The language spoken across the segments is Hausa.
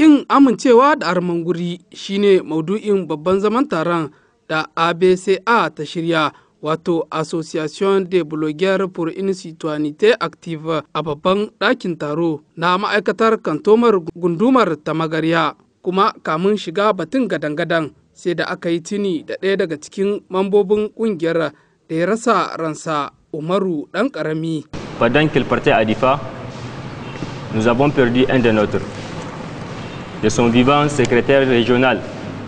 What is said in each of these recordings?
Ƙin amincewa da arman guri shine maudu'in babban zaman taron da ABCA ta shirya wato Association de Blogueurs pour une Citoyenneté Active a babban ɗakin taro na ma'aikatar kantomar gundumar ta magarya kuma kamun shiga batun gadan-gadan sai da aka yi tuni da ɗaya daga cikin mambobin ƙungiyar da ya rasa ransa Umaru ɗan ƙarami. Pendant qu'il a Difa, nous avons perdu un de son vivant secrétaire régional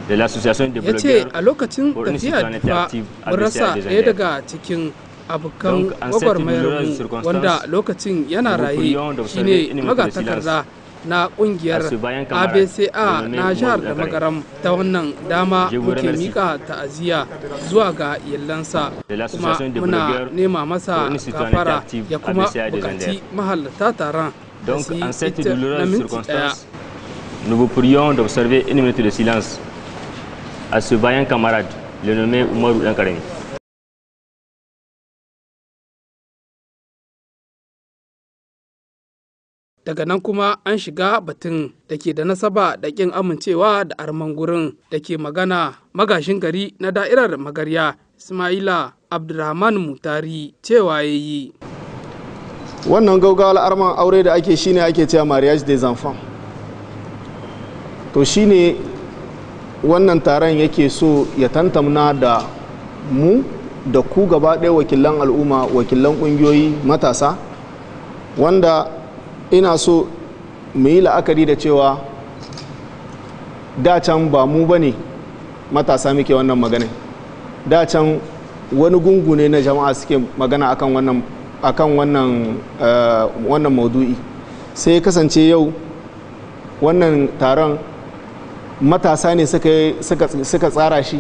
de l'association de ya ce a lokacin tafiya tufa mun rasa ɗaya daga cikin abokan gwagwarmayar wanda lokacin yana raye shine magatakarda na kungiyar abca na jihar da magaram ta wannan dama muke mika ta'aziyya zuwa ga yallansa kuma muna nema masa kafara ya kuma bukaci mahalarta taron da su yi na minti daya nous vous prions d'observer une minute de silence à ce vaillant camarade, le nommé Oumarou Dankaremi. daga nan kuma an shiga batun da ke da nasaba da kin amincewa da arman gurin da ke magana magashin gari na da'irar magarya ismaila abdulrahman mutari cewa ya yi wannan gaugawar arman aure da ake shine ake cewa mariage des enfants to shine wannan taron yake so ya tantamna da mu da ku gaba ɗaya wakilan al'umma wakilan ƙungiyoyi matasa wanda ina so mu yi la'akari da cewa dacan ba mu ba ne matasa muke wannan magana dacan wani gungu ne na jama'a suke magana akan wannan akan wannan eh, wannan maudu'i sai kasance yau wannan taron matasa ne suka tsara shi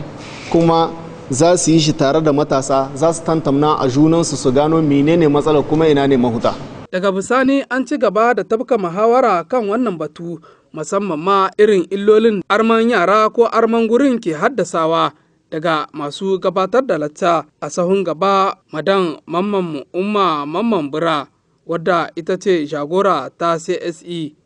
kuma za su yi shi tare da matasa za su tantamna a junansu su gano menene matsalar kuma ina ne mahuta daga bisani an ci gaba da tabka muhawara kan wannan batu musamman ma irin illolin arman yara ko arman gurin ke haddasawa daga masu gabatar da latta a sahun gaba madan mamman umma mamman bura wadda ita ce jagora ta cse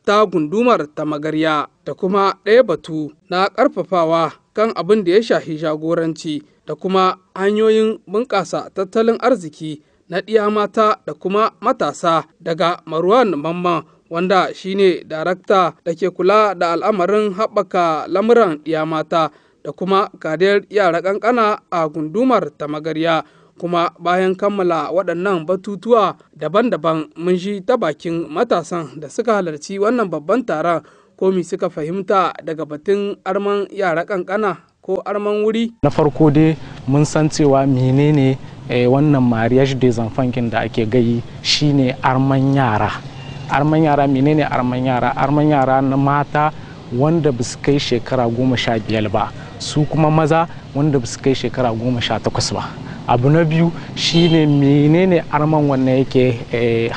ta gundumar ta magarya da kuma ɗaya batu na ƙarfafawa kan abin da ya shahi jagoranci da kuma hanyoyin bunƙasa tattalin arziki na ɗiya mata da kuma matasa daga Marwan Mamman wanda shine darakta da ke kula da al'amarin haɓaka lamuran ɗiya mata da kuma kariyar yara ƙanƙana a gundumar ta magarya kuma bayan kammala waɗannan batutuwa daban-daban mun shi ta bakin matasan da suka halarci wannan babban taron komi suka fahimta daga batun arman yara kankana ko arman wuri na farko dai mun san cewa menene eh, wannan mariage des enfants da ake gayi shine arman yara arman yara menene arman yara arman yara na mata wanda ba su kai shekara goma sha biyar ba su kuma maza wanda ba su kai shekara goma sha takwas ba abu na biyu shine menene arman wannan yake eh, eh,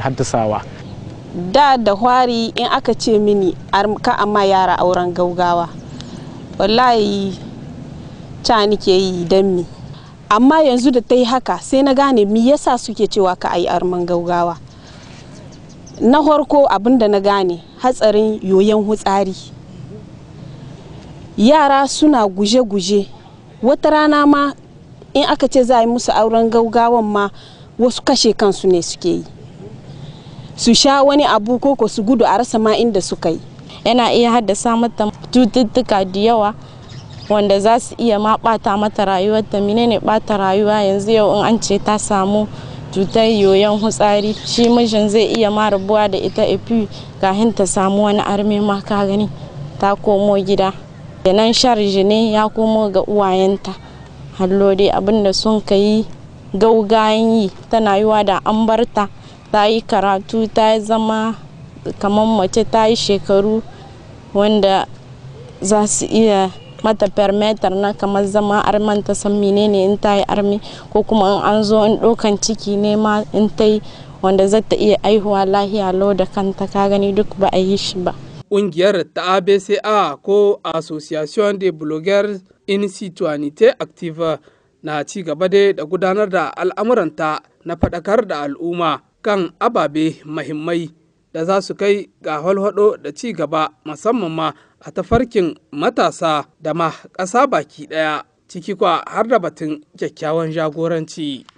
haddasawa da da hwari in aka ce mini ka amma yara auren gaugawa wallahi ca nike yi don mi amma yanzu da ta yi haka sai na gane mi yasa suke cewa ka ayi arman gaugawa na farko abinda na gane hatsarin yoyon hutsari yara suna guje-guje wata rana ma in aka ce za a yi musu auren gaugawan ma wasu kashe kansu ne suke yi su sha wani abu ko su gudu a rasa ma inda suka yi yana iya haddasa mata cututtuka da yawa wanda za su iya ma bata mata rayuwarta menene bata rayuwa yanzu yau in an ce ta samu cutar yoyon hutsari shi mijin zai iya ma rabuwa da ita ifi kahin ta samu wani arme ma ka gani ta komo gida nan sharji ne ya komo ga uwayenta hallode dai abinda sun ka yi gaugayen yi tana yiwa da an barta ta yi karatu ta yi zama kamar mace ta yi shekaru wanda za su iya mata permeter na kamar zama arman ta san ne in ta yi armi ko kuma in an zo in ɗaukan ciki ne ma in ta yi wanda za ta iya aihuwa lahiya lau da kanta ka gani duk ba a yi shi ba. Ƙungiyar ta ABCA ko Association de Blogueurs in situanite active na ci gaba dai da gudanar da al'amuranta na faɗakar da al'umma kan ababe mahimmai da za su kai ga walhado da ci gaba musamman ma a tafarkin matasa da ma ƙasa baki ɗaya ciki kwa har da batun kyakkyawan jagoranci.